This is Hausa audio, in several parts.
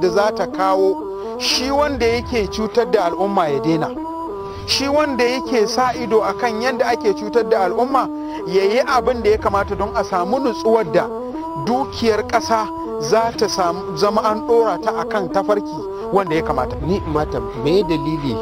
da za ta kawo shi wanda yake cutar da al'umma ya daina shi wanda yake sa ido akan yadda ake cutar da al'umma ya yi abin da ya kamata don a samu nutsuwar da dukiyar ƙasa za ta zama an ɗora ta akan tafarki wanda ya kamata ni mata me dalili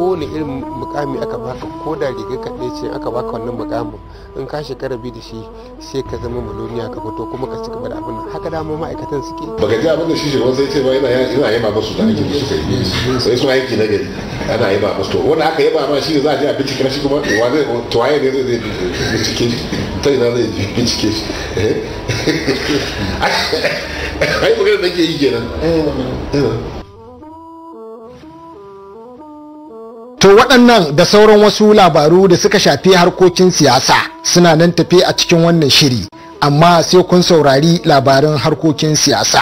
kowane irin mukami aka baka ko da riga kaɗai ce aka baka wannan mukamin in ka shekara biyu da shi sai ka zama maloniya ka fito kuma ka ci gaba da abin haka dama ma'aikatan suke baka ji abin da shi shugaban sai ce ba yana yi yaba musu da aikin da suka yi sai sun aiki na gari ana yaba musu to wanda aka ba ma shi za a je a bincike shi kuma to waye ne zai bincike ta ina zai bincike shi eh? ai magana da ke yi kenan eh, to waɗannan da sauran wasu labaru da suka shafi harkokin siyasa suna nan tafe a cikin wannan shiri amma sai kun saurari labarin harkokin siyasa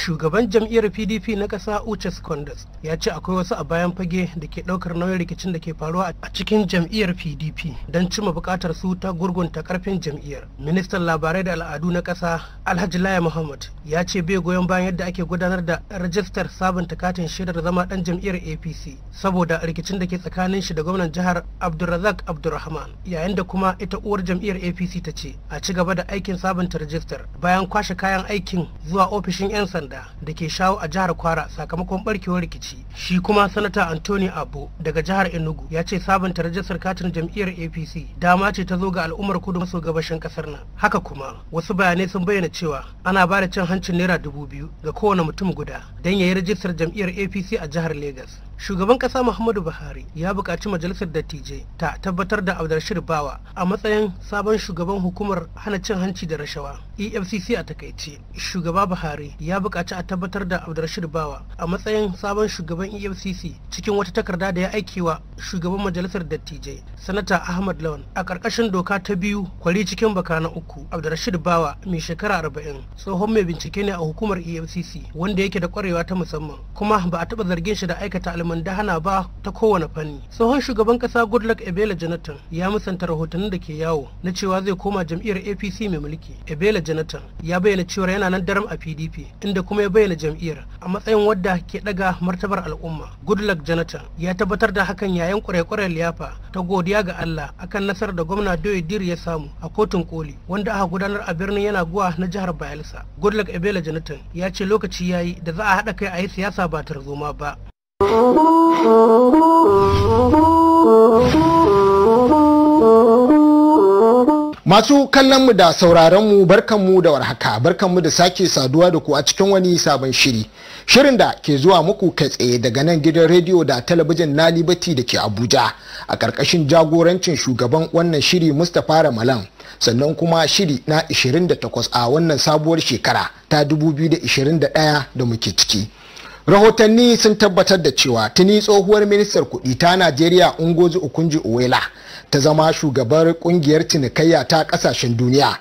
shugaban jam'iyyar pdp na ƙasa uches condes ya ce akwai wasu a bayan fage da ke ɗaukar nauyin rikicin da ke faruwa a cikin jam'iyyar pdp don cima buƙatar su ta gurgunta ƙarfin jam'iyyar ministan labarai da al'adu na ƙasa alhaji laya muhammad ya ce bai goyon bayan yadda ake gudanar da rajistar sabunta katin shaidar zama ɗan jam'iyyar apc saboda rikicin da ke tsakanin shi da gwamnan jihar abdulrazak abdulrahman yayin da kuma ita uwar jam'iyyar apc ta ce a ci gaba da aikin sabunta rajistar bayan kwashe kayan aikin zuwa ofishin 'yan sanda sanda da ke shawo a jihar kwara sakamakon barkewar rikici shi kuma sanata anthony Abo daga jihar enugu ya ce sabunta rajistar katin jam'iyyar apc dama ce ta zo ga al'ummar kudu maso gabashin kasar nan haka kuma wasu bayanai sun bayyana cewa ana ba da cin hancin naira dubu biyu ga kowane mutum guda don ya yi rajistar jam'iyyar apc a jihar Legas. shugaban ƙasa muhammadu buhari ya buƙaci majalisar dattijai ta tabbatar da abdulrashid bawa a matsayin sabon shugaban hukumar hana cin hanci da rashawa efcc a takaice shugaba buhari ya buƙaci a tabbatar da abdulrashid bawa a matsayin sabon shugaban efcc cikin wata takarda da ya aiki wa shugaban majalisar dattijai sanata ahmad lawan a ƙarƙashin doka ta biyu kwari cikin baka na uku abdulrashid bawa mai shekara arba'in tsohon mai bincike ne a hukumar efcc wanda yake da ƙwarewa ta musamman kuma ba a taɓa zargin shi da aikata hana ba ta kowane fanni tsohon shugaban kasa goodluck ebela jonathan ya musanta rahotannin da ke yawo na cewa zai koma jam'iyyar apc mai mulki ebela jonathan ya bayyana cewa yana nan daram a pdp inda kuma ya bayyana jam'iyyar a matsayin wadda ke daga martabar al'umma goodluck jonathan ya tabbatar da hakan yayin kwarekwarar liyafa ta godiya ga allah akan nasarar da gwamna dir ya samu a kotun koli wanda aka gudanar a birnin yana guwa na jihar bayelsa goodluck ebela jonathan ya ce lokaci ya yi da za a haɗa kai a yi siyasa ba tarzoma ba Masu kallonmu da sauraronmu barkanmu da warhaka barkanmu da sake saduwa da ku a cikin wani sabon shiri. Shirin da ke zuwa muku kai tsaye daga nan gidan rediyo da talabijin na Liberty da ke Abuja a ƙarƙashin jagorancin shugaban wannan shiri Mustapha Ramalan. sannan kuma shiri na 28 a wannan sabuwar shekara ta 2021 da muke ciki. rahotanni sun tabbatar da cewa tuni tsohuwar ministar kudi ta najeriya ungozi ukunji uwela ta zama shugabar kungiyar cinikayya ta kasashen duniya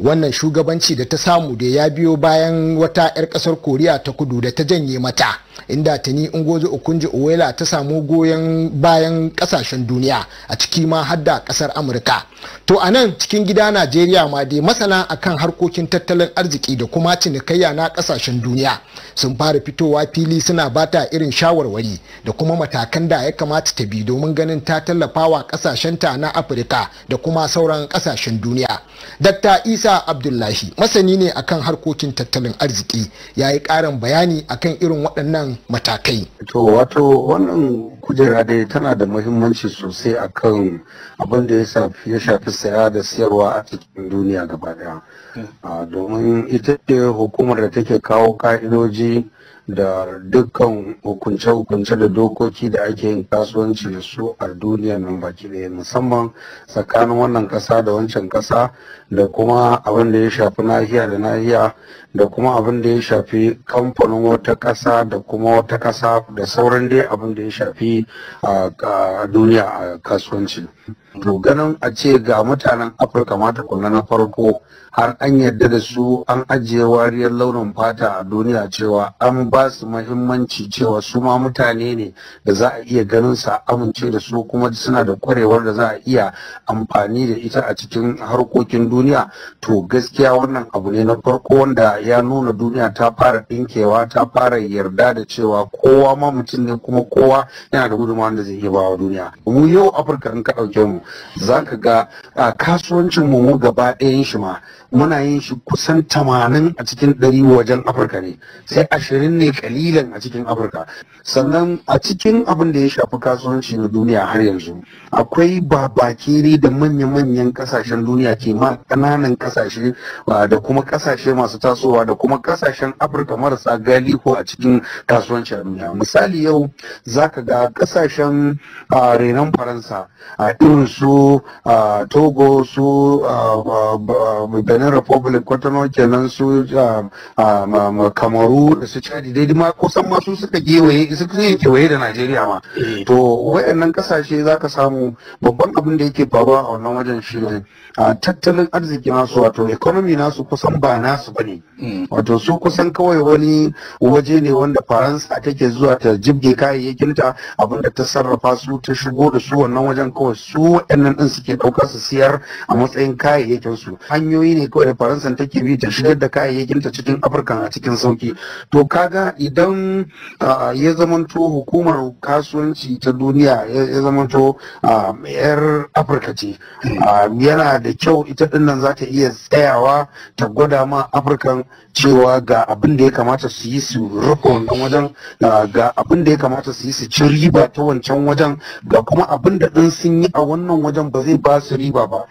wannan shugabanci da ta samu da ya biyo bayan wata 'yar kasar koriya ta kudu da ta janye mata inda ni ungozi ukunji uwela ta samu goyon bayan kasashen duniya a ciki ma har da kasar amurka to a nan cikin gida najeriya ma dai masana akan harkokin tattalin arziki da kuma cinikayya na kasashen duniya sun fara fitowa fili suna bata irin shawarwari da kuma matakan da ya kamata ta bi domin ganin ta tallafa wa ta na afirka da kuma sauran kasashen duniya dr isa abdullahi masani ne akan harkokin tattalin arziki ya yi karin bayani akan irin waɗannan waɗannan matakai. To wato wannan kujera dai tana da muhimmanci sosai a kan abin da ya shafi saya da sayarwa a cikin duniya gaba daya. Hmm. Ah, domin ita ce hukumar da take kawo ka'idoji da dukkan hukunce-hukunce da dokoki da ake yin kasuwanci da su a duniya nan baki ɗaya musamman tsakanin wannan ƙasa da wancan ƙasa da kuma abin da ya shafi nahiya da nahiya da kuma abin da ya shafi kamfanin wata ƙasa da kuma wata ƙasa da sauran dai abin da ya shafi a duniya a kasuwanci. to ganin a ce ga mutanen afirka mata kula na farko har an yadda da su an ajiye wariyar launin fata a duniya cewa an ba su mahimmanci cewa su ma mutane ne da za a iya ganin sa amince da su kuma suna da kwarewar da za a iya amfani da ita a cikin harkokin duniya to gaskiya wannan abu ne na farko wanda ya nuna duniya ta fara ɗinkewa ta fara yarda da cewa kowa ma mutum ne kuma kowa yana da gudunmawa da zai iya ba wa duniya mu yau afirka in ka ɗauke mu zaka ga a kasuwancin mu mu gaba ɗayan shi ma muna yin shi kusan tamanin a cikin ɗari wajen afirka ne sai ashirin ne kalilan a cikin afirka sannan a cikin abin da ya shafi kasuwanci na duniya har yanzu akwai babakere da manya-manyan kasashen duniya ke ma ƙananan kasashe da kuma kasashe masu tasowa da kuma kasashen afirka marasa galihu a cikin kasuwanci a duniya misali yau za ka ga kasashen renon faransa a irin su togo su benin republic kwatano kenan su kamaru da su chadi daidai ma kusan ma su suka kewaye su kewaye da najeriya ma eh. to wayannan kasashe za ka samu babban abin da yake faruwa a wannan wajen shi ne tattalin arziki nasu wato economy nasu kusan ba nasu bane hmm. wato su kusan kawai wani waje ne wanda faransa take zuwa ta jibge kayayyakinta abinda ta sarrafa su ta shigo da su wannan wajen kawai su waɗannan ɗin suke ɗauka su siyar a matsayin kayayyakin su hanyoyi ne kawai da faransa take bi ta shigar da kayayyakin ta cikin afirka a cikin sauki to kaga idan ya zamanto hukumar kasuwanci ta duniya ya zamanto yar afirka ce yana da kyau ita dinnan za ta iya tsayawa ta gwada ma afirkan cewa ga abin da ya kamata su yi su rufe wannan wajen ga abin da ya kamata su yi su ci riba ta wancan wajen ga kuma abin da ɗin sun yi a wannan wannan wajen ba zai ba su riba ba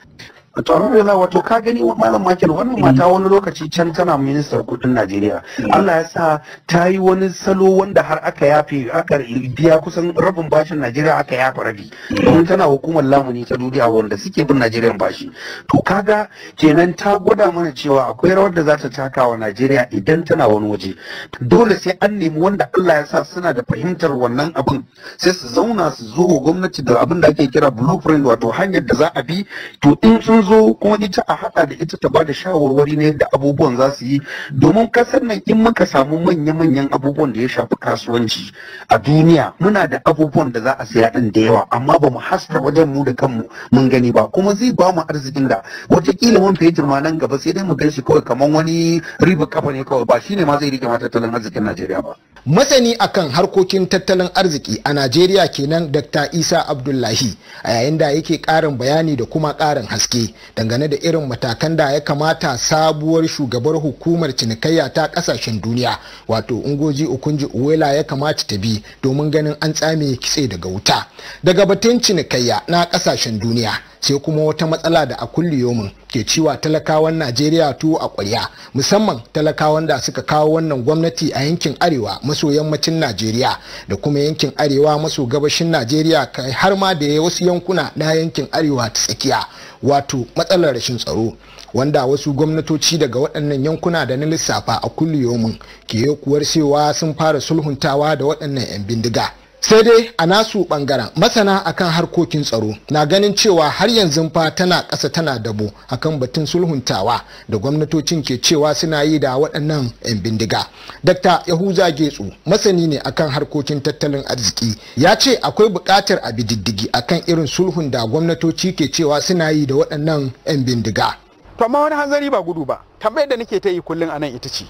to alhamdulillah wato ka gani malam makil wannan mm. mata wani lokaci can tana ministar kudin najeriya mm. allah ya sa ta yi wani salo wanda har aka yafe aka biya kusan rabin bashin najeriya aka yafe rabi mm. domin tana hukumar lamuni ta duniya wanda suke bin najeriya bashi to kaga kenan ta gwada mana cewa akwai rawar da za ta taka wa najeriya idan tana wani waje dole sai an nemi wanda allah ya sa suna da fahimtar wannan abin sai su zauna su zo gwamnati da abin da ake kira blueprint wato hanyar da za a bi to in sun zo kuma ita a haɗa da ita ta bada shawarwari ne da abubuwan za su yi domin kasar nan in muka samu manya-manyan abubuwan da ya shafi kasuwanci a duniya muna da abubuwan da za a saya ɗin da yawa amma ba mu haska wajen mu da kanmu mun gani ba kuma zai ba mu arzikin da wataƙila mun fetur ma nan gaba sai dai mu gan shi kawai kamar wani riba kafa ne kawai ba shine ma zai rike ma tattalin arzikin Najeriya ba. Masani akan harkokin tattalin arziki a Najeriya kenan Dr. Isa Abdullahi a yayin da yake karin bayani da kuma ƙarin haske. dangane da irin matakan da ya kamata sabuwar shugabar hukumar cinikayya ta kasashen duniya wato ungoji ukunji uwela ya kamata ta bi domin ganin an tsame kitse daga wuta daga batun cinikayya na kasashen duniya sai kuma wata matsala da a kulliyomin ke ciwa talakawan najeriya tuwo a kwarya musamman talakawan da suka kawo wannan gwamnati a yankin arewa maso yammacin najeriya da kuma yankin arewa maso gabashin najeriya kai har ma da wasu yankuna na yankin arewa ta tsakiya wato matsalar rashin tsaro wanda wasu gwamnatoci daga waɗannan yankuna da na lissafa a kulliyomin ke kuwar cewa sun fara sulhuntawa da waɗannan 'yan bindiga sai dai a nasu ɓangaren masana akan harkokin tsaro na ganin cewa har yanzu fa tana kasa tana dabo akan batun sulhuntawa da gwamnatocin ke cewa suna yi da waɗannan 'yan bindiga dr yahuza getsu masani ne akan harkokin tattalin arziki ya ce akwai buƙatar a bididdigi akan irin sulhun da gwamnatoci ke cewa suna yi da waɗannan 'yan bindiga to amma wani hanzari ba gudu ba tambayar da nake ta yi kullum anan ita ce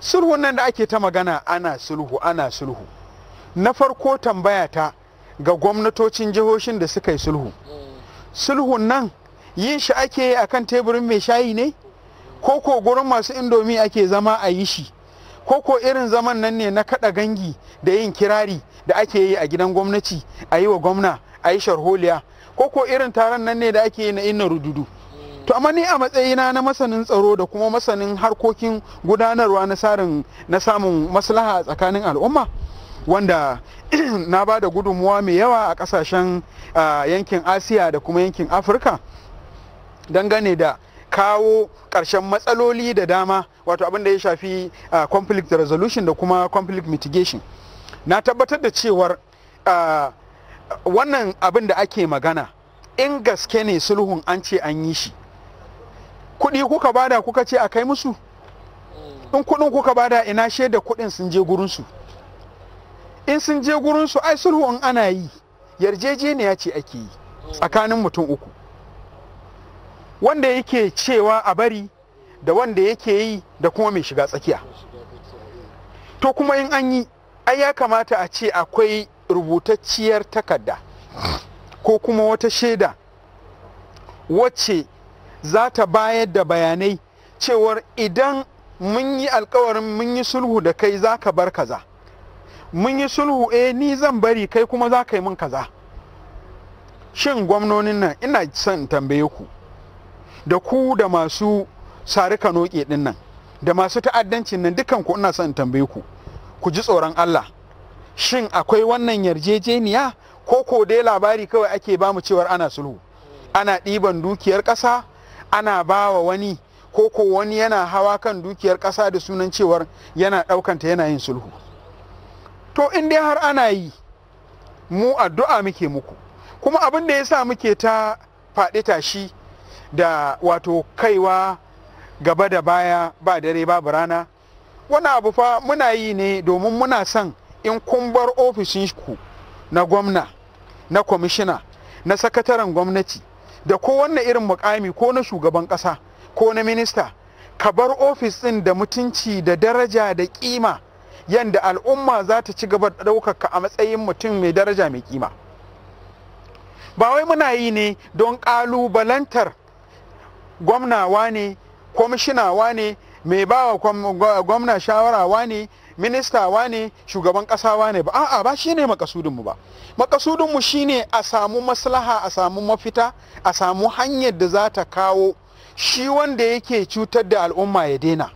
sulhun nan da ake ta magana ana sulhu ana sulhu na farko tambayata ga gwamnatocin jihohin da suka yi sulhu sulhun nan yin shi ake yi akan teburin mai shayi ne ko ko gurin masu indomi ake zama a yi shi ko ko irin zaman nan ne na kada gangi da yin kirari da ake yi a gidan gwamnati a yi wa gwamna a yi sharholiya ko ko irin taron nan ne da ake yi na inna rududu to amma ni a matsayina na masanin tsaro da kuma masanin harkokin gudanarwa na samun maslaha tsakanin al'umma wanda na ba da gudunmuwa mai yawa a kasashen yankin asiya da kuma yankin afirka dangane da kawo ƙarshen matsaloli da dama wato abinda ya shafi conflict resolution da kuma conflict mitigation na tabbatar da cewar wannan abin da ake magana in gaske ne sulhun an ce an yi shi kuɗi kuka bada kuka ce a kai musu in kuɗin kuka bada ina shaida kuɗin sun je gurinsu in sun je gurin su ai sulhu in ana yi yarjejeniya ce ake yi tsakanin mutum uku wanda yake cewa a bari da wanda yake yi da kuma mai shiga tsakiya to kuma in an yi ai ya kamata a ce akwai rubutacciyar takarda ko kuma wata shaida wacce za ta bayar da bayanai cewar idan mun yi alkawarin mun yi sulhu da kai za ka bar kaza mun yi sulhu eh ni zan bari kai kuma za ka yi min kaza shin gwamnonin nan ina son tambaye ku da ku da masu sari kano din nan da masu ta'addancin nan dukan ku ina son tambaye ku ku ji tsoron Allah shin akwai wannan yarjejeniya ko ko dai labari kawai ake bamu cewar ana sulhu ana ɗiban dukiyar ƙasa ana bawa wani ko ko wani yana hawa kan dukiyar ƙasa da sunan cewar yana ɗaukanta yana yin sulhu to in dai har ana yi mu addu'a muke muku kuma abin da ya sa muke ta faɗi shi, da wato kaiwa gaba da baya ba dare babu rana wani abu fa muna yi ne domin muna son in kun bar ofishin ku na gwamna na kwamishina na sakataren gwamnati da kowanne irin mukami ko na shugaban ƙasa ko na minista ka bar ofis ɗin da mutunci da daraja da ƙima yadda al'umma za ta ci gaba da ɗaukaka a matsayin mutum mai daraja mai kima ba wai muna yi ne don ƙalubalantar gwamnawa ne kwamishinawa ne mai ba wa gwamna shawarawa ne ministawa ne shugaban ƙasawa ne ba a'a ba shi ne makasudinmu ba makasudinmu shi ne a samu maslaha a samu mafita a samu hanyar da za ta kawo shi wanda yake cutar da al'umma ya daina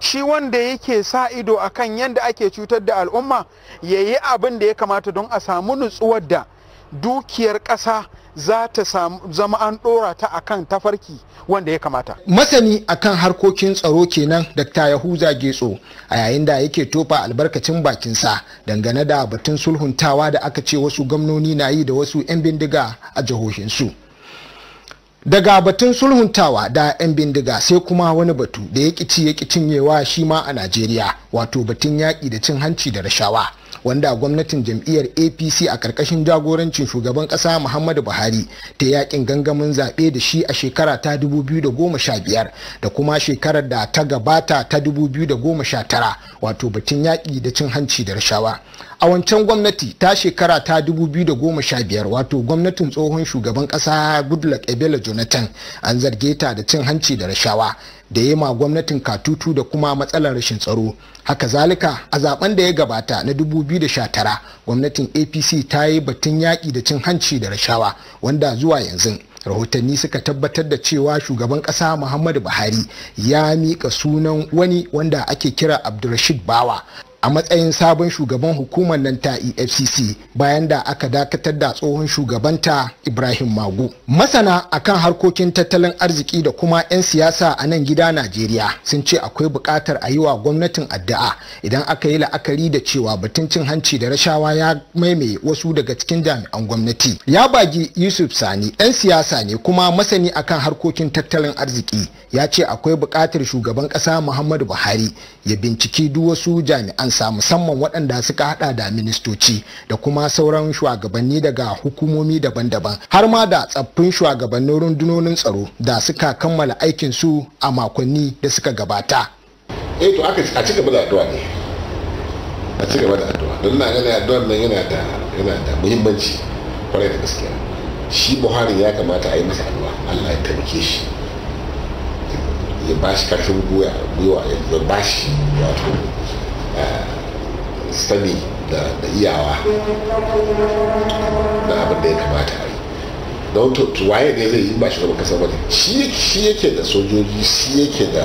shi wanda yake sa ido akan yadda ake cutar da al'umma ya yi abin da ya kamata don a samu nutsuwar da dukiyar ƙasa za ta zama an ɗora ta akan tafarki wanda ya kamata. Masani akan harkokin tsaro kenan Dr. Yahuza Getso a yayin da yake tofa albarkacin bakinsa dangane da batun sulhuntawa da aka ce wasu gwamnoni na yi da wasu 'yan bindiga a jihohinsu. daga batun sulhuntawa da 'yan bindiga sai kuma wani batu da ya ci ya cinyewa shi ma a najeriya wato batun yaƙi da cin hanci da rashawa wanda gwamnatin jam'iyyar apc a ƙarƙashin jagorancin shugaban ƙasa muhammadu buhari ta yaƙin gangamin zaɓe da shi a shekara ta 2015 da kuma shekarar da ta gabata ta 2019 wato batun yaƙi da cin hanci da rashawa a wancan gwamnati ta shekara ta 2015 wato gwamnatin tsohon shugaban kasa goodluck ebele jonathan an zarge ta da cin hanci da rashawa da yema gwamnatin katutu da kuma matsalar rashin tsaro haka zalika a zaben da ya gabata na 2019 gwamnatin apc ta yi batun yaƙi da cin hanci da rashawa wanda zuwa yanzu rahotanni suka tabbatar da cewa shugaban kasa muhammadu buhari ya miƙa sunan wani wanda ake kira abdulrashid bawa a matsayin sabon shugaban hukumar nan ta efcc bayan da aka dakatar da tsohon shugabanta ibrahim magu masana akan harkokin tattalin arziki da kuma 'yan siyasa a nan gida najeriya sun ce akwai bukatar a yi wa gwamnatin addu'a idan aka yi la'akari da cewa batun cin hanci da rashawa ya maimaye wasu daga cikin jami'an gwamnati ya bagi yusuf sani 'yan siyasa ne kuma masani akan harkokin tattalin arziki ya ce akwai bukatar shugaban ƙasa muhammadu buhari ya binciki duk wasu jami'an kansa musamman waɗanda suka hada da ministoci da kuma sauran shugabanni daga hukumomi daban-daban har ma da tsaffin shugabannin rundunonin tsaro da suka kammala aikin su a makonni da suka gabata. eh to aka a ci gaba da addu'a ne a ci gaba da addu'a don na ganin addu'ar nan yana da yana da muhimmanci kwarai da gaskiya shi buhari ya kamata a yi masa addu'a allah ya tabbake shi ya ba shi karfin gwiwa ya ba shi wato sani da iyawa da abin da ya kamata a yi don waye ne zai yi ba shugaban kasa ba ne shi yake da sojoji shi yake da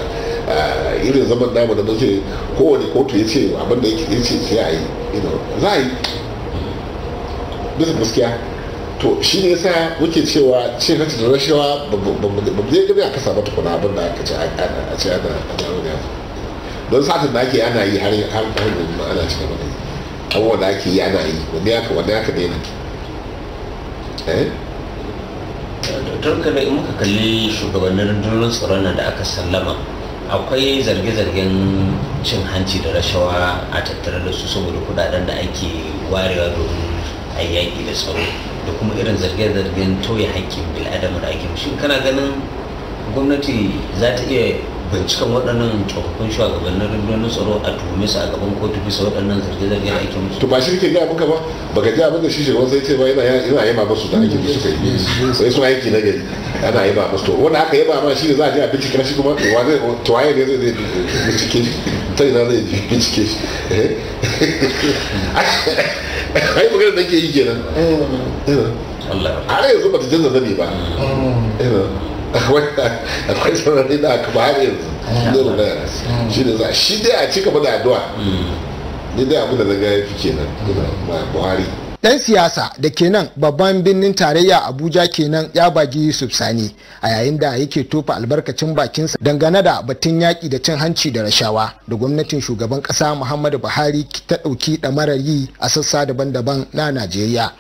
irin zaman namu da muke kowane kotu ya ce abin da ya ce sai a yi za a yi bisa gaskiya to shi ne sa muke cewa ce na da rashawa ba mu zai gani a kasa ba tukuna abin da aka ce a ce ana ana don satin da ake ana yi har har yanzu ana cika mana yi abubuwan da ake yi ana yi wani aka wani aka daina eh turkana in muka kalli shugabannin rundunar tsaron nan da aka sallama akwai zarge-zargen cin hanci da rashawa a tattare da su saboda kudaden da ake warewa domin a yaƙi da tsaro da kuma irin zarge-zargen toye hakkin bil'adama da ake mushi kana ganin gwamnati za ta iya binciken waɗannan tsofaffin shugabannin rundunar tsaro a tumis a gaban kotu bisa waɗannan zirge-zirge da ake musu. to ba shi ke gaya maka ba ba ga ji abin da shi shugaban sai ce ba yana yana ma basu da aiki da suka yi sai sun aiki na gari ana yaba basu to wanda aka yi ba ma shi ne za a je a bincike shi kuma to waye ne zai bincike shi ta ina zai bincike shi eh? ai magana da ke yi kenan. Eh. Allah. Har yanzu ba ta canza zane ba. Mm. Eh. akwai sanarri da aka har yanzu nuru na shi da za shi dai a ci gaba addu'a hmm. ni dai abin da na ya fi kenan hmm. buhari dan siyasa da kenan babban birnin tarayya abuja kenan ya bagi yusuf sani a yayin da yake tofa albarkacin bakinsa dangane da batun yaƙi da cin hanci da rashawa da gwamnatin shugaban ƙasa muhammadu buhari ta ɗauki ɗamarar yi a sassa daban-daban na najeriya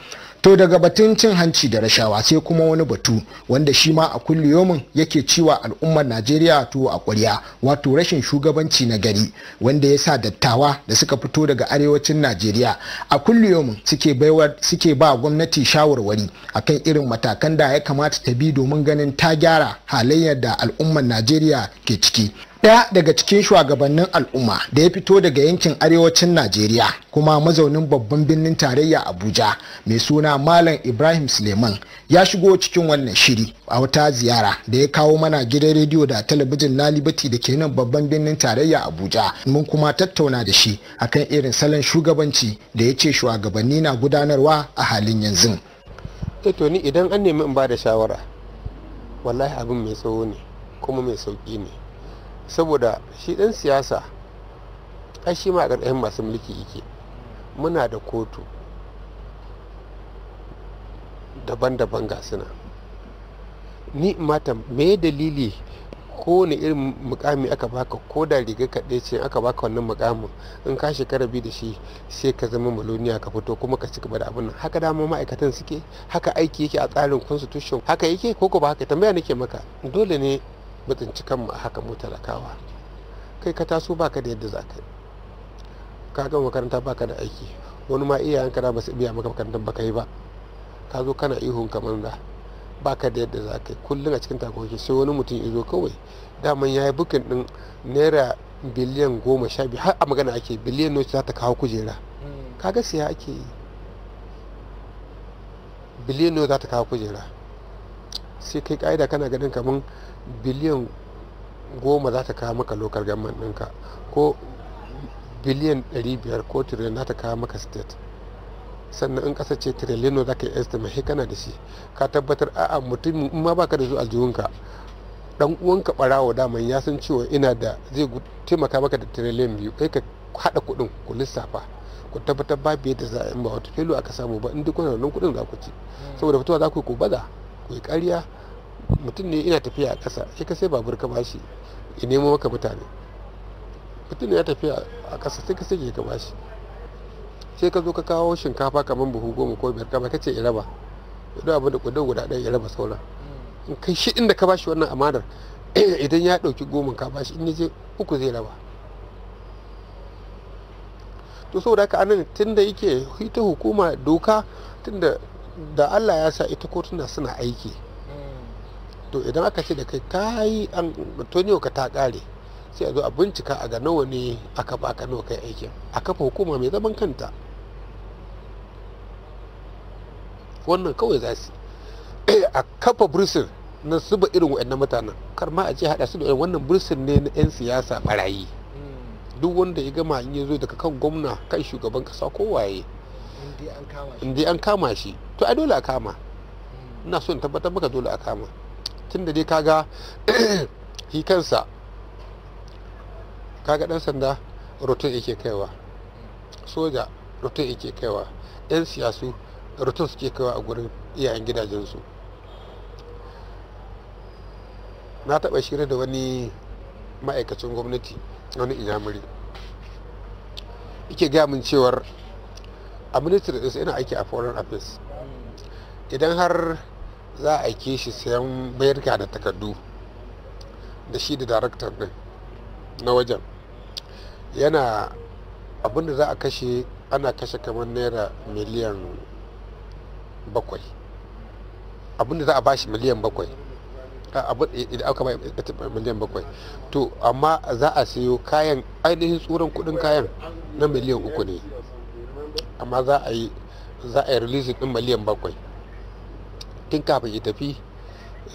to daga batun cin hanci da rashawa sai kuma wani batu wanda shi ma a kulliyomin yake ciwa al'ummar najeriya to a ƙwarya wato rashin shugabanci na gari wanda ya sa dattawa da suka fito daga arewacin najeriya a kulliyomin suke ba gwamnati shawarwari akan irin matakan da ya kamata ta bi domin ganin ta gyara halayyar da al'ummar najeriya ke ciki ɗaya daga cikin shugabannin al'umma da ya fito daga yankin arewacin najeriya kuma mazaunin babban birnin tarayya abuja mai suna malam ibrahim suleiman ya shigo cikin wannan shiri a wata ziyara da ya kawo mana gidan rediyo da talabijin na libati da ke nan babban birnin tarayya abuja mun kuma tattauna da shi akan irin salon shugabanci da ya ce shugabanni na gudanarwa a halin yanzu idan an nemi in ba da shawara wallahi abin mai tsawo ne kuma mai sauki ne saboda shi ɗan siyasa ai shi ma a ƙarƙashin masu mulki yake muna da kotu daban-daban ga suna ni mata me dalili ko kowane irin mukami aka baka ko da riga kaɗai ce aka baka wannan mukamin in ka shekara biyu da shi sai ka zama maloniya ka fito kuma ka ci gaba da abin haka dama ma'aikatan suke haka aiki yake a tsarin constitution haka yake ko ba haka tambaya nake maka dole ne tsinci kanmu a haka mu talakawa kai ka taso baka da yadda za ka yi ka gama makaranta baka da aiki wani ma yanka na basu biya maka makarantar baka yi ba ka zo kana ihun kamar da baka da yadda za ka yi kullum a cikin takoki sai wani mutum ya zo kawai daman ya yi bukin din naira biliyan goma sha biyu har a magana ake biliyan noci za ta kawo kujera hmm. ka ga siya ake yi biliyan noci za ta kawo kujera sai kai ka'ida kana ganin kamar biliyan goma za ta kawo maka lokal government ɗinka ko biliyan 500 ko trillion za ta kawo maka state sannan in kasa ce trillion za ka yi estimate kana da shi ka tabbatar a'a mutum in ma baka da zuwa aljihunka dan uwanka barawo daman ya san cewa ina da zai taimaka maka da trillion biyu kai ka haɗa kuɗin ku lissafa ku tabbatar babu biye za a yi ba wata filo aka samu ba in duk wannan kuɗin za ku ci hmm. saboda fitowa za ku yi ku baza ku yi ƙarya mutum ne ina tafiya a ƙasa shi ka sai babur ka bashi ya nemo maka mutane mutum ne ya tafiya a ƙasa sai ka sai ka bashi sai ka zo ka kawo shinkafa kamar buhu goma ko biyar kama ka ce ya raba duk abu da kudin guda ɗaya ya raba sauran mm. in kai shi inda ka bashi wannan amanar idan ya ɗauki goma ka bashi in je uku zai raba to saboda haka anan tunda yake ita hukuma doka tunda da Allah ya sa ita kotuna suna aiki to idan aka ce da kai kayi tonyo ka ta kare sai a zo a bincika a ga nawa ne aka baka nawa kai aikin a kafa hukuma mai zaman kanta wannan kawai za su a kafa bursin na zuba irin waɗannan mutanen kar ma a ce haɗa su da wannan bursin ne na 'yan siyasa barayi hmm. duk wanda ya gama in ya zo daga kan gwamna kan shugaban kasa kowaye in dai an kama shi to a dole a kama hmm. ina so in tabbatar maka dole a kama tun da dai kaga hi kansa kaga dan sanda rutun yake kaiwa soja rutun yake kaiwa yan siyasu rutun suke kaiwa a gurin iyayen gidajensu na taɓa shirya da wani ma'aikacin gwamnati wani inyamuri yake gaya min cewar a ministry su yana aiki a foreign affairs idan har za a aike shi sayan bayarka da takardu da shi da daraktar din na wajen yana abinda za a kashe ana kashe kamar naira miliyan bakwai abinda za a bashi miliyan bakwai idan aka bai miliyan bakwai to amma za a sayo kayan ainihin tsoron kudin kayan na miliyan uku ne amma za a yi za a yi releasing din miliyan bakwai tun kafin ya tafi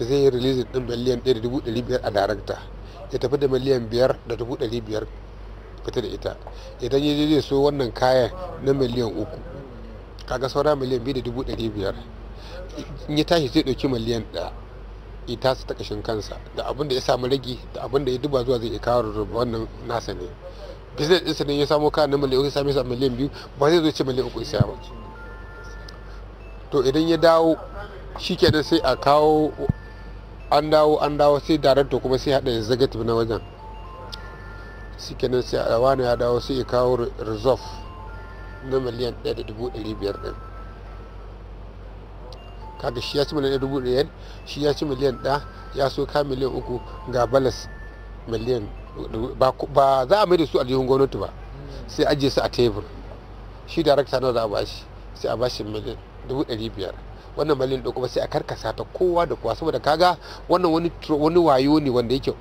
zai yi rilisin ɗin miliyan 1,500 a darakta ya tafi da miliyan 5,500 fita da ita idan ya zai so wannan kayan na miliyan 3 kaga saura miliyan 2,500 in ya tashi zai ɗauki miliyan 1 ita su ta kashin kansa da abin da ya samu ragi da abin da ya duba zuwa zai kawo rubutu wannan nasa ne business ɗinsa ne ya samo kayan na miliyan uku, ya same sa miliyan biyu, ba zai zo ce miliyan uku ya ba to idan ya dawo shi kenan sai a kawo an dawo an dawo sai darakta kuma sai haɗa executive na wajen shi kenan sai a wani ya dawo sai ya kawo resolve na miliyan 1,500 ɗin kaga shi ya ci miliyan 1,500 shi ya ci miliyan 1 ya so ka miliyan 3 ga balas miliyan ba za a maida su aljihun gwamnati ba sai ajiye su a tebur shi darakta na za a bashi sai a bashi miliyan 1,500 wannan miliyan ɗauko ba sai a karkasa ta kowa da kowa saboda kaga wannan wani wani wayo ne wanda yake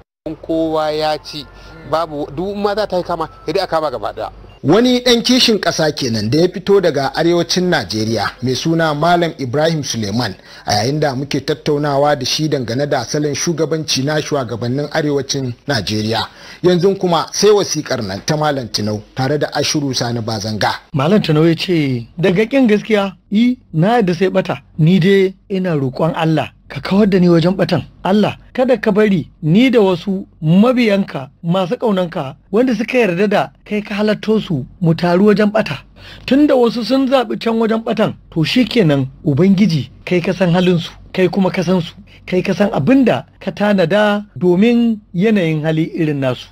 kowa ya ci mm. babu duk ma za ta yi kama idan a kama gaba ɗaya wani ɗan kishin ƙasa kenan da ya fito daga arewacin najeriya mai suna malam ibrahim suleiman a yayin da muke tattaunawa da shi dangane da asalin shugabanci na shugabannin arewacin najeriya yanzu kuma sai wasikar nan ta malam tinau tare da ashiru sani bazanga malam tinau ya ce daga ƙin gaskiya yi na da sai bata ni dai ina roƙon allah ka kawar da ni wajen batan Allah kada ka bari ni da wasu mabiyanka masu ƙaunanka wanda suka yarda da kai ka halatto su mu taru wajen bata tunda wasu sun zaɓi can wajen batan to shi shikenan ubangiji kai ka san halinsu kai kuma ka san su kai ka san abin da ka tanada domin yanayin hali irin nasu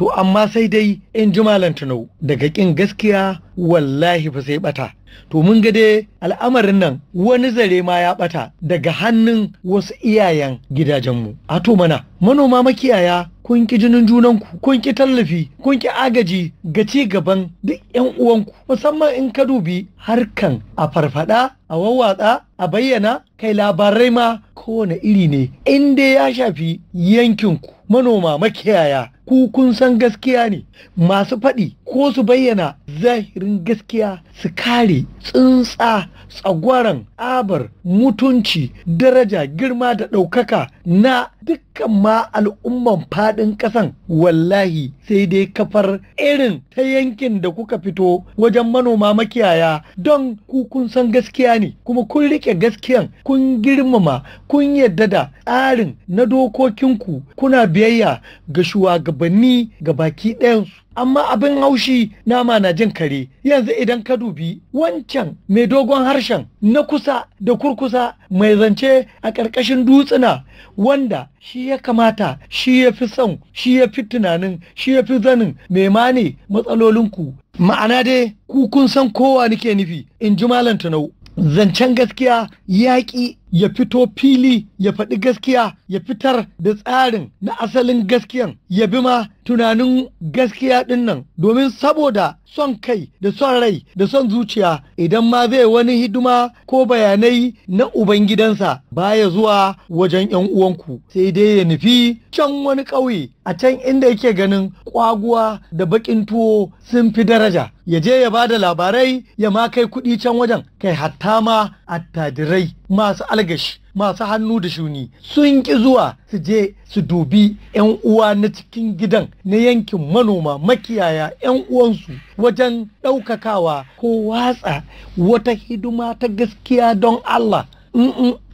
to amma sai dai in ji malam tunau daga ƙin gaskiya wallahi ba sai bata to mun ga dai al'amarin nan wani zare ma ya ɓata daga hannun wasu iyayen gidajenmu a to mana manoma makiyaya kun ki jinin junanku kun ki tallafi kun ki agaji ga ci gaban duk yan uwanku musamman in ka dubi harkan a farfada a wawwatsa a bayyana kai labarai ma kowane iri ne in ya shafi yankinku manoma makiyaya ku kun san gaskiya ne masu faɗi ko su bayyana zahirin gaskiya su kare tsuntsa tsintsa tsagwaran abar mutunci daraja girma da ɗaukaka na dukkan ma al'umman faɗin ƙasan wallahi sai dai kafar irin ta yankin da kuka fito wajen manoma makiyaya don ku kun san gaskiya ne kuma kun riƙe gaskiyan kun girmama kun yadda da tsarin na dokokinku kuna biyayya ga shugabanni ga baki ɗayansu amma abin haushi nama na jin kare yanzu idan ka dubi wancan mai dogon harshen na kusa da kurkusa mai zance a ƙarƙashin dutsuna wanda shi ya kamata shi ya fi son shi ya fi tunanin shi ya fi zanin ma ne matsalolinku ma'ana dai ku kun san kowa nake nufi in ji malam tunau zancen gaskiya yaƙi ya fito fili ya faɗi gaskiya ya fitar da tsarin na asalin gaskiyan ya bi ma tunanin gaskiya ɗin nan domin saboda son kai da son rai da son zuciya idan ma zai wani hidima ko bayanai na ubangidansa baya zuwa wajen yan uwanku sai dai ya nufi can wani ƙauye a can inda yake ganin ƙwaguwa da baƙin tuwo sun fi daraja ya je ya ba da labarai ya ma kai kuɗi can wajen kai hatta ma attadirai, masu algashi masu hannu da shuni sun ƙi zuwa su je su dubi 'yan uwa na cikin gidan na yankin manoma makiyaya 'yan uwansu wajen ɗaukakawa ko watsa wata hidima ta gaskiya don Allah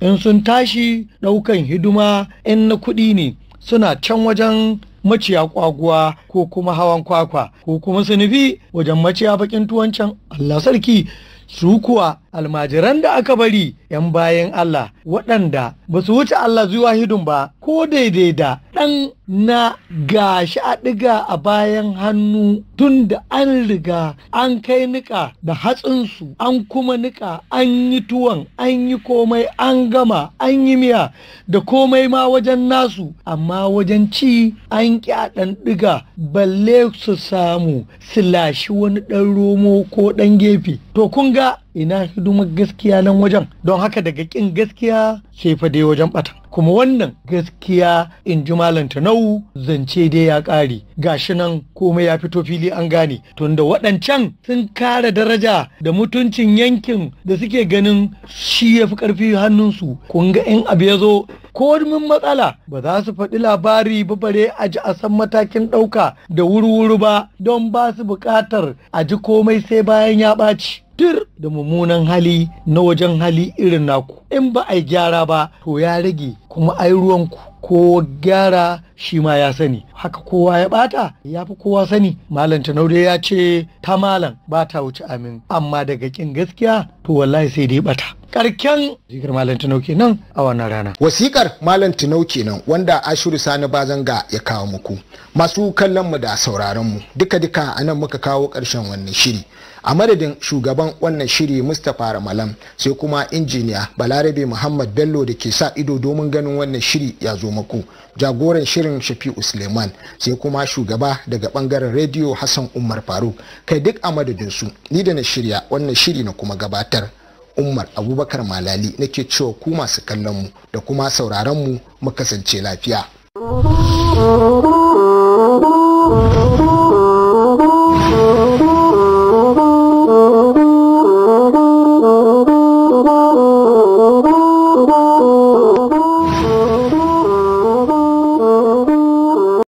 in sun tashi ɗaukan hidima 'yan na kuɗi ne suna can wajen maciya kwaguwa ko kuma hawan kwakwa ko kuma su wajen maciya bakin tuwancan Allah sarki su kuwa almajiran da aka bari 'yan bayan Allah waɗanda ba su wuce Allah zuwa hidun ba ko daidai da ɗan na gashi a ɗiga a bayan hannu tun da an riga an kai niƙa da hatsinsu an kuma niƙa an yi tuwon an yi komai an gama an yi miya da komai ma wajen nasu amma wajen ci an ƙi a ɗan ɗiga balle su samu su lashi wani ɗan romo ko ɗan gefe to kun ga ina hidimar gaskiya nan wajen don haka daga kin gaskiya sai fa dai wajen batan kuma wannan gaskiya in ji malam tanau zance dai ya ƙare gashi nan komai ya fito fili an gane tunda waɗancan sun kare daraja da mutuncin yankin da suke ganin shi ya fi ƙarfi hannunsu kun ga in abu ya zo Ko komin matsala ba za su faɗi labari ba bare a ji a san matakin ɗauka da wuri-wuri ba don ba su buƙatar a ji komai sai bayan ya ɓaci tir da mummunan hali na wajen hali irin naku in ba a yi gyara ba to ya rage kuma ai ruwanku ko gyara shi ma ya sani haka kowa ya bata ya fi kowa sani malam tanaure ya ce ta malam ba ta wuce amin amma daga kin gaskiya to wallahi sai dai bata karken wasikar malam tinau kenan a wannan rana wasikar malam tinau kenan wanda ashiru sani bazanga ya kawo muku masu kallon mu da sauraron mu duka duka anan muka kawo karshen wannan shiri a madadin shugaban wannan shiri mustapha ramalam sai kuma injiniya bala Larabe muhammad bello da ke sa ido domin ganin wannan shiri ya zo maku jagoran shirin shafi'u suleiman sai kuma shugaba daga bangaren rediyo hassan umar faruk kai duk a madadin su ni da na shirya wannan shiri na kuma gabatar umar abubakar malali nake cewa ku masu kallon mu da kuma sauraron mu mu kasance lafiya